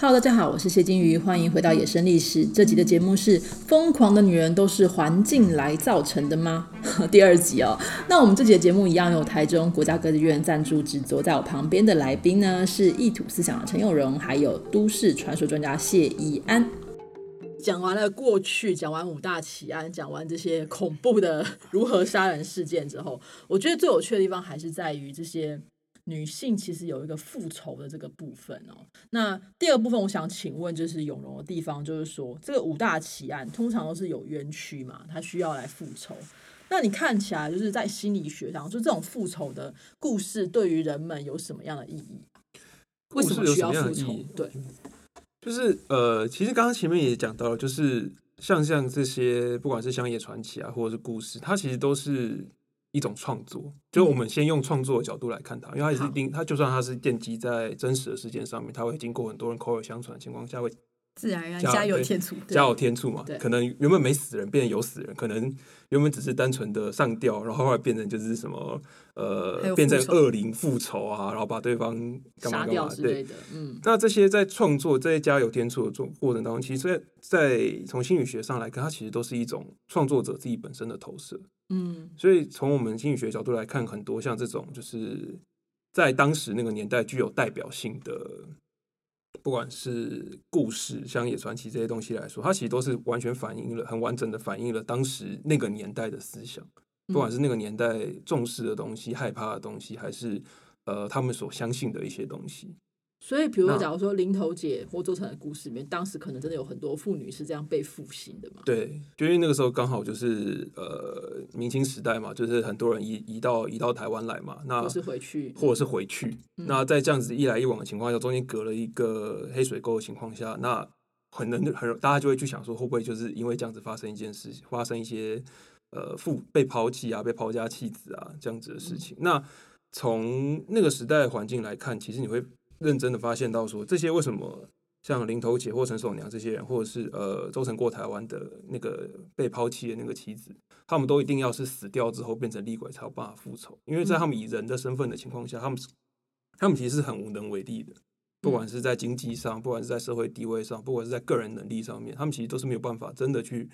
好，Hello, 大家好，我是謝金魚，歡迎回到《野生歷史》，這集的節目是《瘋狂的女人都是環境來造成的嗎？》 第二集哦。那我們這集的節目一樣由台中國家歌劇院贊助制作，在我旁邊的來賓呢是異吐司想的陳永融，還有都市傳說專家謝宜安。講完了過去，講完五大奇案，講完這些恐怖的如何殺人事件之後，我覺得最有趣的地方還是在於這些，女性其實有一個復仇的這個部分哦、喔。那第二部分，我想請問就是永融的地方，就是說這個五大奇案通常都是有冤屈嘛，他需要來復仇。那你看起來就是在心理學上，就這種復仇的故事對於人們有什麼樣的意義？為什麼需要復仇？對，就是呃，其實剛剛前面也講到了，就是像像這些，不管是鄉野傳奇啊，或者是故事，它其實都是。一種創作，就我們先用創作的角度來看它，因為它也是電，好它就算它是奠基在真實的事件上面，它會經過很多人口耳相傳的情況下，會自然而然加，加油添醋，加油添醋嘛，對可能原本沒死人變成有死人，嗯、可能原本只是單純的上吊，然後後來變成就是什麼呃，變成惡靈復仇啊，然後把對方幹，嘛幹嘛殺掉之類的。對嗯，那這些在創作這些加油添醋的過過程當中，其實在，在從心理學上來看，它其實都是一種創作者自己本身的投射。嗯，所以從我們心理學角度來看，很多像這種就是在當時那個年代具有代表性的，不管是故事、鄉野傳奇這些東西來說，它其實都是完全反映了、很完整的反映了當時那個年代的思想，不管是那個年代重視的東西、害怕的東西，還是呃他們所相信的一些東西。所以，比如說假如說林投姐或周成的故事裡面，那當時可能真的有很多婦女是這樣被負心的嘛。對，因為那個時候剛好就是呃，明清時代嘛，就是很多人移移到移到台灣來嘛，那就是回去，或者是回去。嗯、那在這樣子一來一往的情況下，中間隔了一個黑水溝的情況下，那很能很能大家就會去想說，會不會就是因為這樣子發生一件事情，發生一些呃父被拋棄啊，被拋家棄子啊這樣子的事情？嗯、那從那個時代的環境來看，其實你會。認真的發現到說，這些為什麼像林投姐或陳守娘這些人，或者是呃周成過台灣的那個被拋棄的那個妻子，他們都一定要是死掉之後變成厲鬼才有辦法復仇？因為在他們以人的身份的情況下，他們是他們其實是很無能為力的，不管是在經濟上，不管是在社會地位上，不管是在個人能力上面，他們其實都是沒有辦法真的去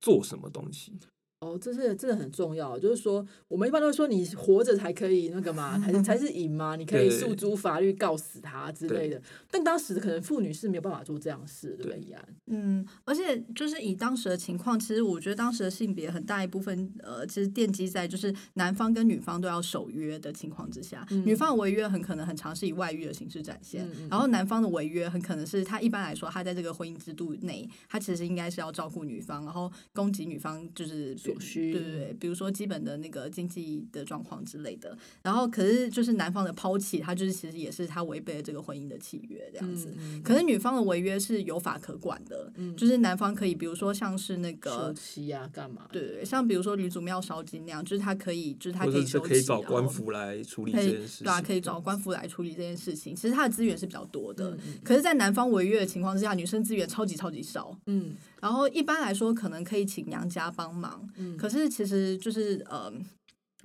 做什麼東西。哦，這是真的很重要，就是說我們一般都會說你活着才可以那個嘛，才才是贏嘛，你可以訴諸法律告死他之類的。對對對對，但當時可能婦女是沒有辦法做這樣事的。對呀，對嗯，而且就是以當時的情況，其實我覺得當時的性別很大一部分，呃，其實奠基在就是男方跟女方都要守約的情況之下。嗯、女方的違約很可能很常是以外遇的形式展現，嗯嗯、然後男方的違約很可能是他一般來說他在這個婚姻制度內，他其實應該是要照顧女方，然後供給女方就是。對,對對，比如說基本的那個經濟的狀況之類的，然後可是就是男方的拋棄，他就是其實也是他違背了這個婚姻的契約這樣子。嗯嗯、可是女方的違約是有法可管的，嗯、就是男方可以，比如說像是那個休妻、啊、幹嘛？對像比如說呂祖廟燒金那樣，就是他可以，就是他可以休妻就可以找官府來處理這件事情，對啊，可以找官府來處理這件事情。其實他的資源是比較多的，嗯、可是，在男方違約的情況之下，女生資源超級超級少。嗯。然後一般來說，可能可以請娘家幫忙，嗯、可是其實就是，呃，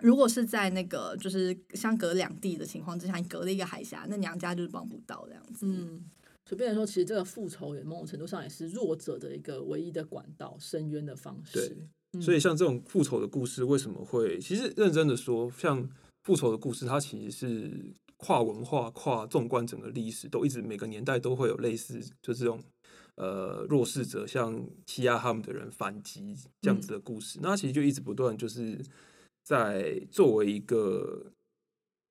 如果是在那個就是相隔兩地的情況之下，你隔了一個海峽，那娘家就是幫不到這樣子，嗯，所以變成說，其實這個復仇也某種程度上也是弱者的一個唯一的管道，伸冤的方式。對，所以像這種復仇的故事為什麼會，其實認真的說，像復仇的故事，它其實是跨文化、跨縱觀整個歷史，都一直每個年代都會有類似，就是這種。呃，弱勢者向欺壓他們的人反擊這樣子的故事，嗯、那其實就一直不斷就是在作為一個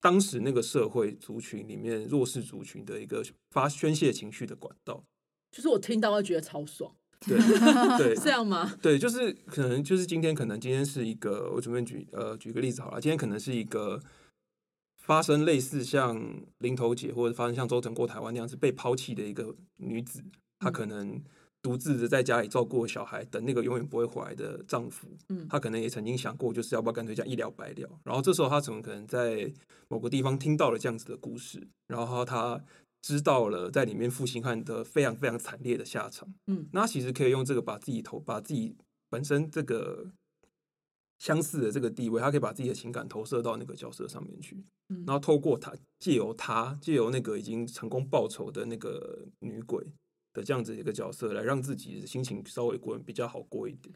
當時那個社會族群裡面弱勢族群的一個發宣洩情緒的管道，就是我聽到會覺得超爽。對對， 對這樣嗎？對，就是可能就是今天，可能今天是一個我準備舉呃舉個例子好了，今天可能是一個發生類似像林投姐或者發生像周成過台灣那樣子被拋棄的一個女子。她可能獨自的在家裡照顧小孩，等那個永遠不會回來的丈夫。嗯、她可能也曾經想過，就是要不要乾脆這樣一了百了。然後這時候，她從可能在某個地方聽到了這樣子的故事，然後她知道了在裡面負心漢的非常非常慘烈的下場。嗯、那她其實可以用這個把自己投，把自己本身這個相似的這個地位，她可以把自己的情感投射到那個角色上面去。然後透過她，借由她，借由那個已經成功報仇的那個女鬼。這樣子一個角色來讓自己的心情稍微過比較好過一點，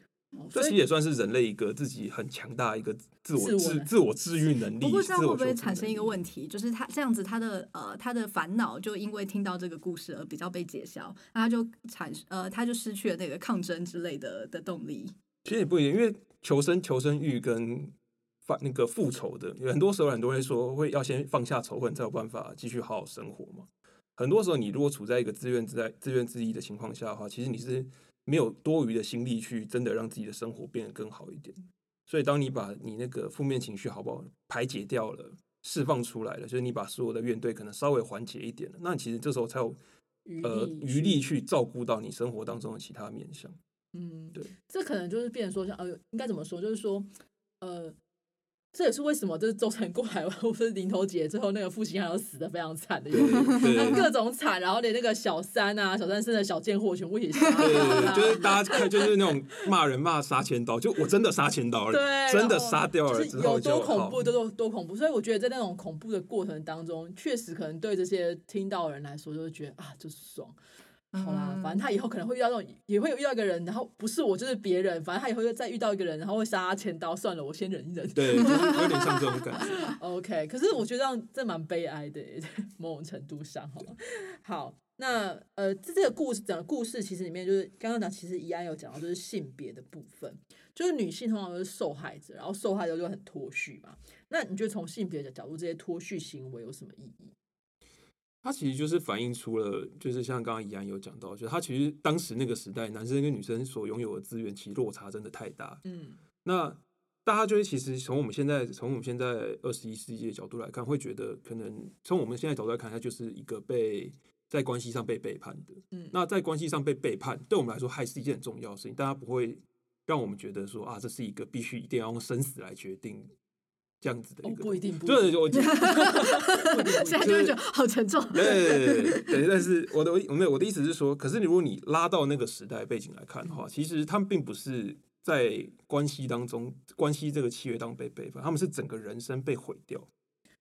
這其實也算是人類一個自己很強大一個自我自自我治癒能力。我不知道會不會產生一個問題，就是他這樣子他的呃他的煩惱就因為聽到這個故事而比較被解消，那他就產呃他就失去了那個抗爭之類的的動力。其實也不一定，因為求生求生欲跟那個復仇的，有很多時候很多人會說會要先放下仇恨才有辦法繼續好好生活嘛。嗯哦嗯很多時候，你如果處在一個自怨自艾、自怨自艾的情況下的話，其實你是沒有多餘的心力去真的讓自己的生活變得更好一點。所以，當你把你那個負面情緒好不好排解掉了，釋放出來了，就是你把所有的怨懟可能稍微緩解一點了，那其實這時候才有餘力，呃、餘力去照顧到你生活當中的其他面向。嗯，對，這可能就是變成說像，像呃，應該怎麼說？就是說，呃。這也是為什麼，就是周成過台灣，不是林投姐最後，那個負心漢又死得非常慘的，他各種慘，然後連那個小三啊，小三生的小賤貨全部也殺，對，哈哈哈哈就是大家看，就是那種罵人罵殺千刀，就我真的殺千刀了，對真的殺掉了，後就是有多恐怖，都有多恐、好多、多恐怖，所以我覺得在那種恐怖的過程當中，確實可能對這些聽到的人來說，就會覺得啊，就是爽。好啦，反正他以後可能會遇到這種，也會有遇、遇到一個人，然後不是我就是別人。反正他以後就再遇到一個人，然後會殺他千刀，算了，我先忍一忍。對，有點像這種感覺。 OK，可是我覺得這樣這蠻悲哀的，某種程度上對好，那呃，這這個故事講的故事其實裡面就是剛剛講，剛剛其實宜安有講到，就是性別的部分，就是女性通常都是受害者，然後受害者就很脫序嘛。那你覺得從性別的角度，這些脫序行為有什麼意義？他其實就是反映出了，就是像剛剛宜安有講到，就他其實當時那個時代，男生跟女生所擁有的資源，其實落差真的太大。嗯，那大家就是其實從我們現在，從我們現在二十一世紀的角度來看，會覺得可能從我們現在角度來看，他就是一個被在關係上被背叛的。嗯，那在關係上被背叛，對我們來說還是一件很重要的事情，但他不會讓我們覺得說啊，這是一個必須一定要用生死來決定。這樣子的一個，就是我，現在就覺得好沉重。對對對,對,對，但是我的我沒有我的意思是說，可是如果你拉到那個時代背景來看的話，嗯、其實他們並不是在關係當中，關係這個契約當中被背叛，他們是整個人生被毀掉，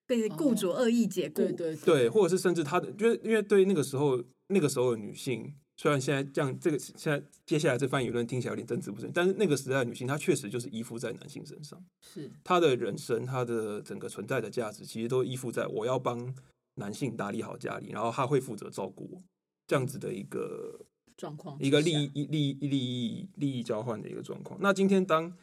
被雇主惡意解雇，哦、對,對,對,對或者是甚至他的，因為因為對那個時候那個時候的女性。雖然現在這樣，這個現在接下來這番言論聽起來有點政治不正，但是那個時代的女性，她確實就是依附在男性身上，是她的人生，她的整個存在的價值，其實都依附在我要幫男性打理好家裡，然後他會負責照顧我這樣子的一個狀況，一個利益、利利益、利益、利益交換的一個狀況。那今天當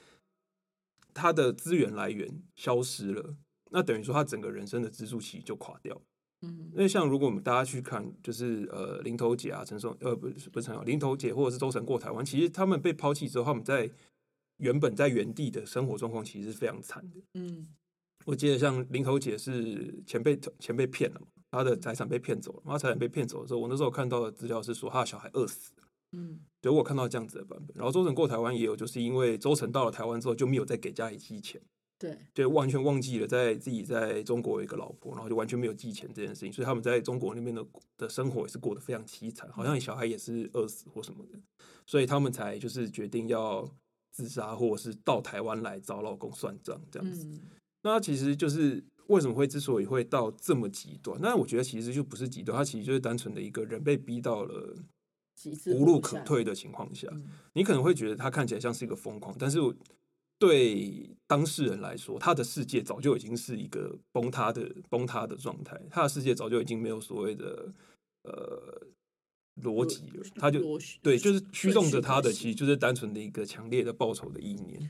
他的資源來源消失了，那等於說他整個人生的支柱期就垮掉了。嗯，那像如果我們大家去看，就是呃，林投姐啊，陳松，呃，不是不是陳松，林投姐或者是周成過台灣，其實他們被拋棄之後，他們在原本在原地的生活狀況其實是非常慘的。嗯，我記得像林投姐是錢被錢被騙了嘛，她的財產被騙走了，她的財產被騙走的時候，我那時候看到的資料是說她的小孩餓死了。嗯，所以我看到這樣子的版本。然後周成過台灣也有，就是因為周成到了台灣之後就沒有再給家裡寄錢。對，就完全忘記了在自己在中國有一個老婆，然後就完全沒有寄錢這件事情，所以他們在中國那邊的的生活也是過得非常淒慘，好像小孩也是餓死或什麼的，所以他們才就是決定要自殺，或者是到台灣來找老公算賬這樣子。嗯、那其實就是為什麼會之所以會到這麼極端，那我覺得其實就不是極端，他其實就是單純的一個人被逼到了無路可退的情況下，嗯、你可能會覺得他看起來像是一個瘋狂，但是我。對當事人來說，他的世界早就已經是一個崩塌的崩塌的狀態，他的世界早就已經沒有所謂的呃邏輯了，他就，邏輯，對，就是驅動着他的，其實就是單純的一個強烈的報仇的意念。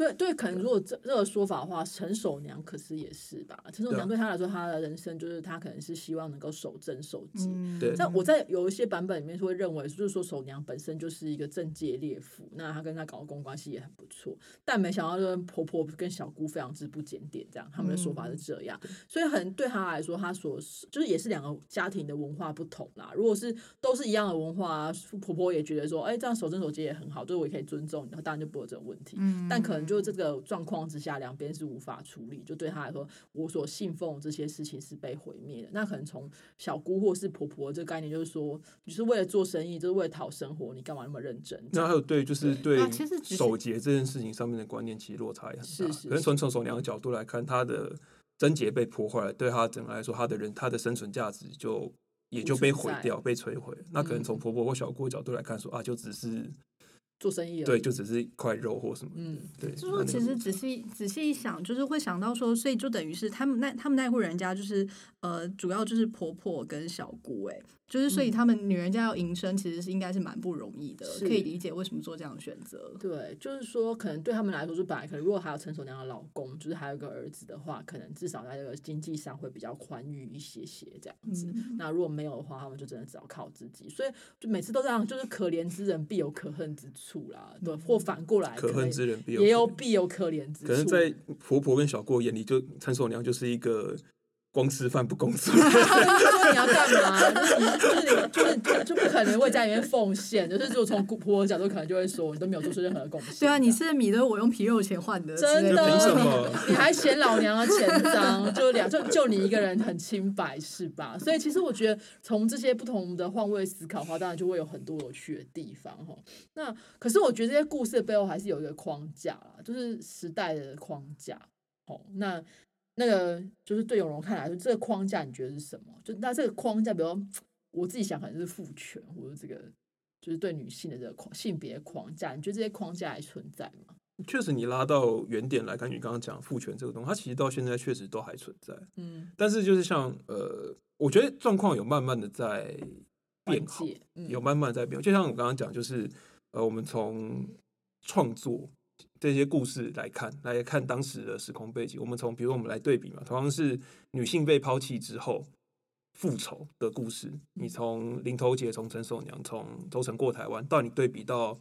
對對，可能如果這對這個說法的話，陳守娘可是也是吧？陳守娘對她來說，對她的人生就是，她可能是希望能夠守貞守節。嗯、對。但我在有一些版本裡面是會認為，就是說守娘本身就是一個貞節烈婦，那她跟她老公關係也很不錯。但沒想到就跟婆婆跟小姑非常之不檢點，這樣，他們的說法是這樣。嗯、所以可能對她來說，她所就是也是兩個家庭的文化不同啦。如果是都是一樣的文化，婆婆也覺得說，哎，這樣守貞守節也很好，就是我也可以尊重你，然後當然就不會有這種問題。嗯。但可能。就這個狀況之下，兩邊是無法處理。就對他來說，我所信奉這些事情是被毀滅的。那可能從小姑或是婆婆的這個概念，就是說，你是為了做生意，就是為了討生活，你幹嘛那麼認真？那還有對，就是對守節這件事情上面的觀念，其實落差也很大。就是、可是從從兩個的角度來看，他的貞節被破壞了，對他整個來說，他的人他的生存價值就也就被毀掉、被摧毀。嗯、那可能從婆婆或小姑的角度來看說，說啊，就只是。做生意而已，對，就只是一塊肉或什麼，嗯，對，就是說，其實仔細仔細一想，就是會想到說，所以就等於是他們那他們那戶人家就是呃，主要就是婆婆跟小姑、欸，哎，就是所以他們女人家要營生，其實是應該是蠻不容易的，嗯、可以理解為什麼做這樣的選擇。對，就是說，可能對他們來說，就本來可能如果還有陳守娘的老公，就是還有一個兒子的話，可能至少在這個經濟上會比較寬裕一些些這樣子。嗯、那如果沒有的話，他們就真的只好靠自己，所以就每次都這樣，就是可憐之人必有可恨之處。對，或反過來可，可恨之人必有，也有必有可憐之處。可能在婆婆跟小過眼裡，就陳守娘就是一個。光吃飯不工作，說你要幹嘛啊？就是你就是你就，就不可能為家裡面奉獻，就是如果從公婆的角度，可能就會說你都沒有做出任何貢獻。對啊，你吃的米都是我用皮肉錢換的，真的？什麼的，你還嫌老娘的錢髒？就兩就就你一個人很清白是吧？所以其實我覺得從這些不同的換位思考的話，當然就會有很多有趣的地方哈。那可是我覺得這些故事的背後還是有一個框架啦，就是時代的框架。哦，那。那個就是對永融看來說，這個框架你覺得是什麼？就那這個框架，比如我自己想可能是父權，或者這個就是對女性的這個性別框架，你覺得這些框架還存在嗎？確實，你拉到原點來看，你剛剛講父權這個東西，它其實到現在確實都還存在。嗯，但是就是像呃，我覺得狀況有慢慢的在變好，嗯、有慢慢在變。就像我剛剛講，就是呃，我們從創作。這些故事來看，來看當時的時空背景。我們從，比如我們來對比嘛，同樣是女性被拋棄之後復仇的故事。你從林投姐，從陳守娘，從周成過台灣，到你對比到，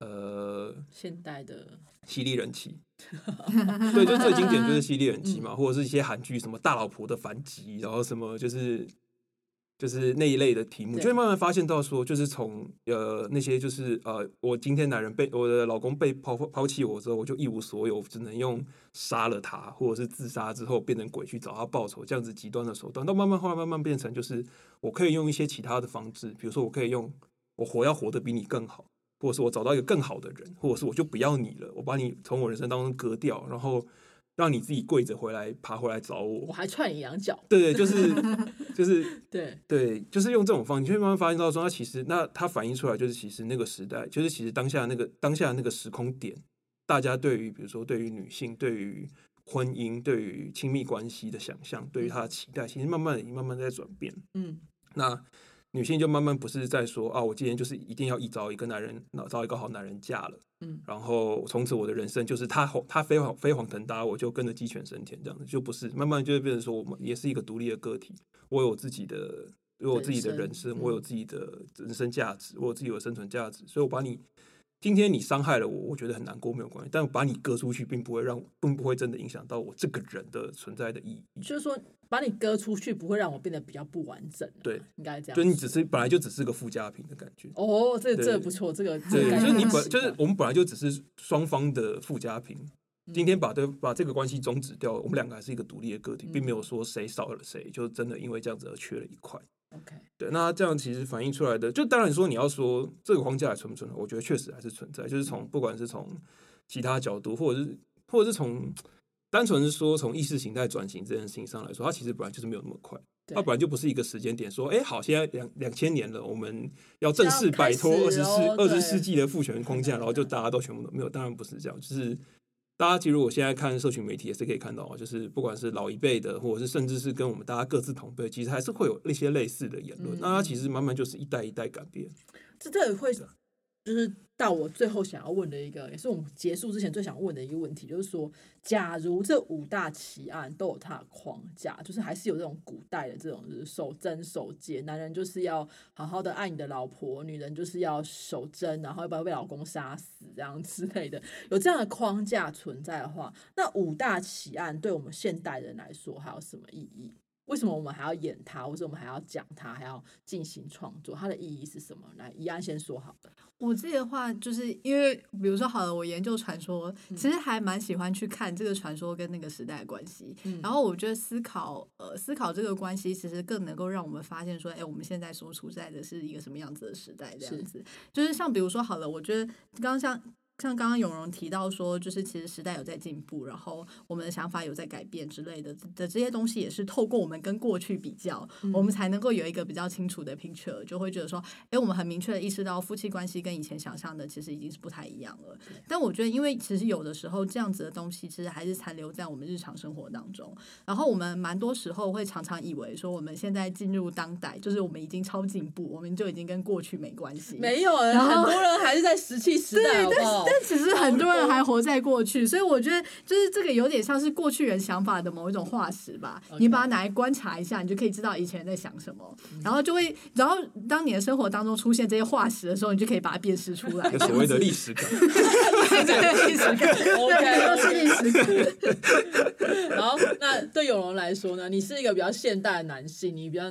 呃，現代的《犀利人妻》， 對，就最經典就是《犀利人妻》嘛，或者是一些韓劇，什麼大老婆的反擊，然後什麼就是。就是那一類的題目，就會慢慢發現到說，就是從呃那些就是呃，我今天男人被我的老公被拋拋棄我之後，我就一無所有，只能用殺了他或者是自殺之後變成鬼去找他報仇這樣子極端的手段。到慢慢後來慢慢變成，就是我可以用一些其他的方式，比如說我可以用我活要活得比你更好，或者是我找到一個更好的人，或者是我就不要你了，我把你從我人生當中割掉，然後讓你自己跪着回來爬回來找我，我還踹你兩腳。對對，就是。 就是對對，就是用這種方式，你就會慢慢發現到說，它其實那它反映出來就是，其實那個時代，就是其實當下那個當下那個時空點，大家對於比如說對於女性、對於婚姻、對於親密關係的想象，對於她的期待，其實慢慢已經慢慢在轉變。嗯，那女性就慢慢不是在說啊，我今天就是一定要一找一個男人，找一個好男人嫁了。嗯，然後從此我的人生就是他他飛黃飛黃騰達，我就跟着雞犬升天這樣子，就不是慢慢就變成說，我們也是一個獨立的個體，我有自己的，我有自己的人生，人生嗯、我有自己的人生價值，我有自己的生存價值，所以我把你。嗯今天你傷害了我，我覺得很難過，沒有關係。但把你割出去，並不會讓，並不會真的影響到我這個人的存在的意義。就是說，把你割出去不會讓我變得比較不完整，啊。對，應該這樣。就你只是本來就只是個附加品的感覺。哦，這這不錯，這個。對，就是，你本就是我們本來就只是雙方的附加品。嗯、今天把這把這個關係終止掉，我們兩個還是一個獨立的個體，嗯、並沒有說誰少了誰，就真的因為這樣子而缺了一塊。OK，對，那這樣其實反映出來的，就當然說你要說這個框架還存不存在，我覺得確實還是存在。就是從不管是從其他角度，或者是或者是從單純是說從意識形態轉型這件事情上來說，它其實本來就是沒有那麼快，對它本來就不是一個時間點說，哎、欸，好，現在兩兩千年了，我們要正式擺脫二十世二十世紀的父權框架，對對對對，然後就大家都全部都沒有，當然不是這樣，就是。大家其實，我現在看社群媒體也是可以看到，就是不管是老一輩的，或者是甚至是跟我們大家各自同輩，其實還是會有那些類似的言論。嗯、那它其實慢慢就是一代一代改變，這這也會。就是到我最後想要問的一個，也是我們結束之前最想問的一個問題，就是說，假如這五大奇案都有它的框架，就是還是有這種古代的這種，就是守貞守節，男人就是要好好的愛你的老婆，女人就是要守貞，然後要不要被老公殺死這樣之類的，有這樣的框架存在的話，那五大奇案對我們現代人來說還有什麼意義？為什麼我們還要演它？或者我們還要講它？還要進行創作？它的意義是什麼？來，宜安先說好了。我自己的話，就是因為比如說，好了，我研究傳說，其實還蠻喜歡去看這個傳說跟那個時代的關係。嗯、然後我覺得思考，呃，思考這個關係，其實更能夠讓我們發現說，哎、欸，我們現在所處在的是一個什麼樣子的時代？這樣子，是就是像比如說，好了，我覺得剛剛像。像剛剛永融提到說，就是其實時代有在進步，然後我們的想法有在改變之類的，的這些東西，也是透過我們跟過去比較，嗯、我們才能夠有一個比較清楚的 picture，就會覺得說，哎、欸，我們很明確的意識到夫妻關係跟以前想象的其實已經是不太一樣了。是但我覺得，因為其實有的時候這樣子的東西，其實還是殘留在我們日常生活當中。然後我們蠻多時候會常常以為說，我們現在進入當代，就是我們已經超進步，我們就已經跟過去沒關係。沒有，然後很多人還是在石器時代好不好？對，對但其實很多人還活在過去，oh, oh. 所以我覺得就是這個有點像是過去人想法的某一種化石吧。Okay. 你把它拿來觀察一下，你就可以知道以前人在想什麼，然後就會，然後當你的生活當中出現這些化石的時候，你就可以把它辨識出來。 就是、所謂的歷史感，OK，都是歷史感。然後，那對永融來說呢？你是一個比較現代的男性，你比較。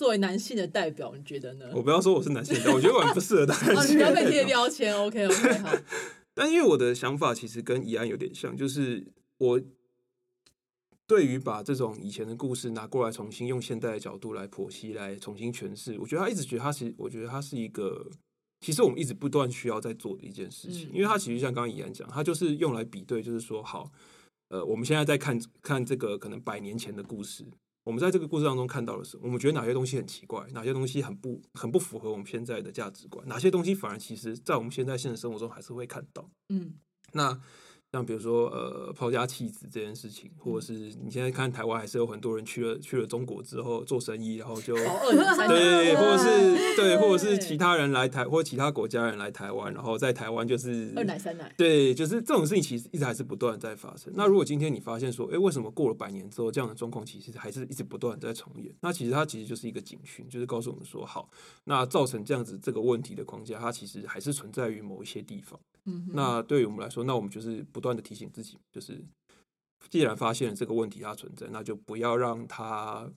作為男性的代表，你覺得呢？我不要說我是男性代 我覺得我不適合男性的代表。 啊、你不要被貼標籤，OK OK。 但因為我的想法其實跟宜安有點像，就是我對於把這種以前的故事拿過來，重新用現代的角度來剖析，來重新詮釋。我覺得他一直覺得他其實，我覺得他是一個，其實我們一直不斷需要在做的一件事情。嗯、因為他其實像剛剛宜安講，他就是用來比對，就是說，好，呃，我們現在在看看這個可能百年前的故事。我們在這個故事當中看到的是，我們覺得哪些東西很奇怪，哪些東西很不很不符合我們現在的價值觀，哪些東西反而其實，在我們現在現實生活中還是會看到。嗯，那。像比如說，呃，拋家棄子這件事情，或者是你現在看台灣還是有很多人去了去了中國之後做生意，然後就 對，或者是對，或者是其他人來台，或者其他國家人來台灣，然後在台灣就是二奶三奶，對，就是這種事情其實一直還是不斷在發生。那如果今天你發現說，哎、欸，為什麼過了百年之後這樣的狀況其實還是一直不斷在重演？那其實它其實就是一個警訊，就是告訴我們說，好，那造成這樣子這個問題的框架，它其實還是存在於某一些地方。嗯、哼那對於我們來說，那我們就是。不。不斷的提醒自己，就是既然發現了這個問題它存在，那就不要讓它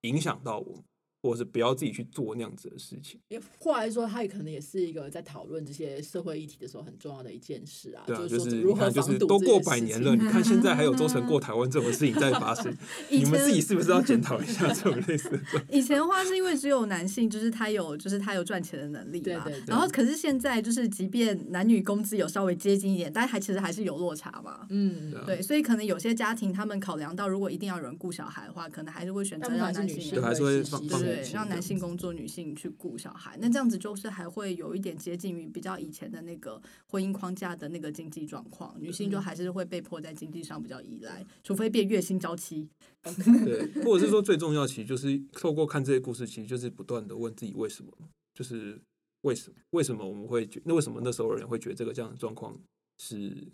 影響到我。或是不要自己去做那樣子的事情。也，或者說，他也可能也是一個在討論這些社會議題的時候很重要的一件事啊。就是如何防堵，就是都過百年了，你看現在還有周成過台灣這種事情在發生，你們自己是不是要檢討一下這種類似的？以前的話是因為只有男性，就是他有，就是他有賺錢的能力嘛。然後，可是現在就是，即便男女工資有稍微接近一點，但還其實還是有落差嘛。嗯，對。所以可能有些家庭他們考量到，如果一定要有人顧小孩的話，可能還是會選擇讓男性。還是會放對，讓男性工作，女性去顧小孩，那這樣子就是還會有一點接近於比較以前的那個婚姻框架的那個經濟狀況，女性就還是會被迫在經濟上比較依賴，除非變月薪嬌妻。嗯、 對，或者是說，最重要其實就是透過看這些故事，其實就是不斷的問自己為什麼，就是為什麼為什麼我們會覺得，那為什麼那時候有人會覺得這個這樣的狀況是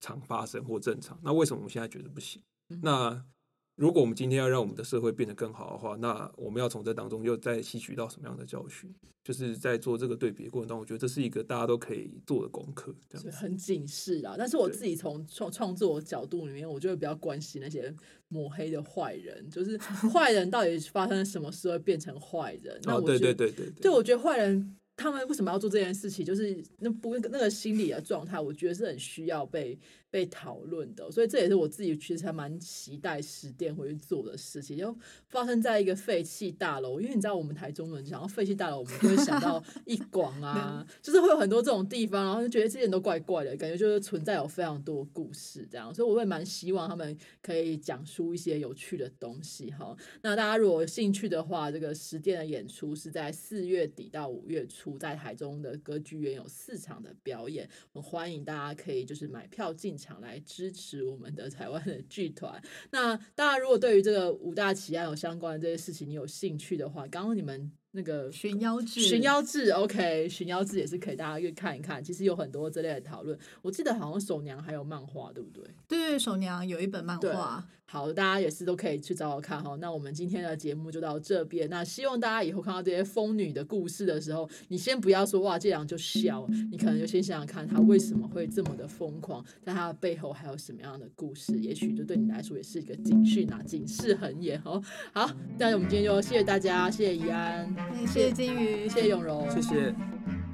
常發生或正常？那為什麼我們現在覺得不行？那如果我們今天要讓我們的社會變得更好的話，那我們要從這當中又再吸取到什麼樣的教訓？就是在做這個對比的過程當中，我覺得這是一個大家都可以做的功課，這樣子。很警示啊。但是我自己從創創作角度裡面，我就會比較關心那些抹黑的壞人，就是壞人到底發生什麼事會變成壞人？ 那我覺得、哦，對對對對，對，對，對，我覺得壞人他們為什麼要做這件事情？就是那不那個心理的狀態，我覺得是很需要被。被討論的，所以這也是我自己其實還蠻期待十殿回去做的事情，就發生在一個廢棄大樓，因為你知道我們台中人講，然後廢棄大樓我們就會想到一廣啊， 就是會有很多這種地方，然後就覺得這些人都怪怪的感覺，就是存在有非常多故事這樣，所以我會蠻希望他們可以講述一些有趣的東西哈。那大家如果有興趣的話，這個十殿的演出是在四月底到五月初在台中的歌劇院有四場的表演，我歡迎大家可以就是買票進場。來支持我們的台灣的劇團。那當然，大家如果對於這個五大奇案有相關的這些事情，你有興趣的話，剛剛你們那個《尋妖志》，《尋妖志》OK，《尋妖志》也是可以大家去看一看。其實有很多這類的討論，我記得好像守娘還有漫畫，對不對？對，守娘有一本漫畫。好，大家也是都可以去找找看哈。那我們今天的節目就到這邊。那希望大家以後看到這些瘋女的故事的時候，你先不要說哇，這樣就笑，你可能就先想想看她為什麼會這麼的瘋狂，在她的背後還有什麼樣的故事？也許就對你來說也是一個警訊啊，警示很嚴哈。好，那我們今天就謝謝大家，謝謝宜安，謝謝金魚，謝謝永融，謝謝。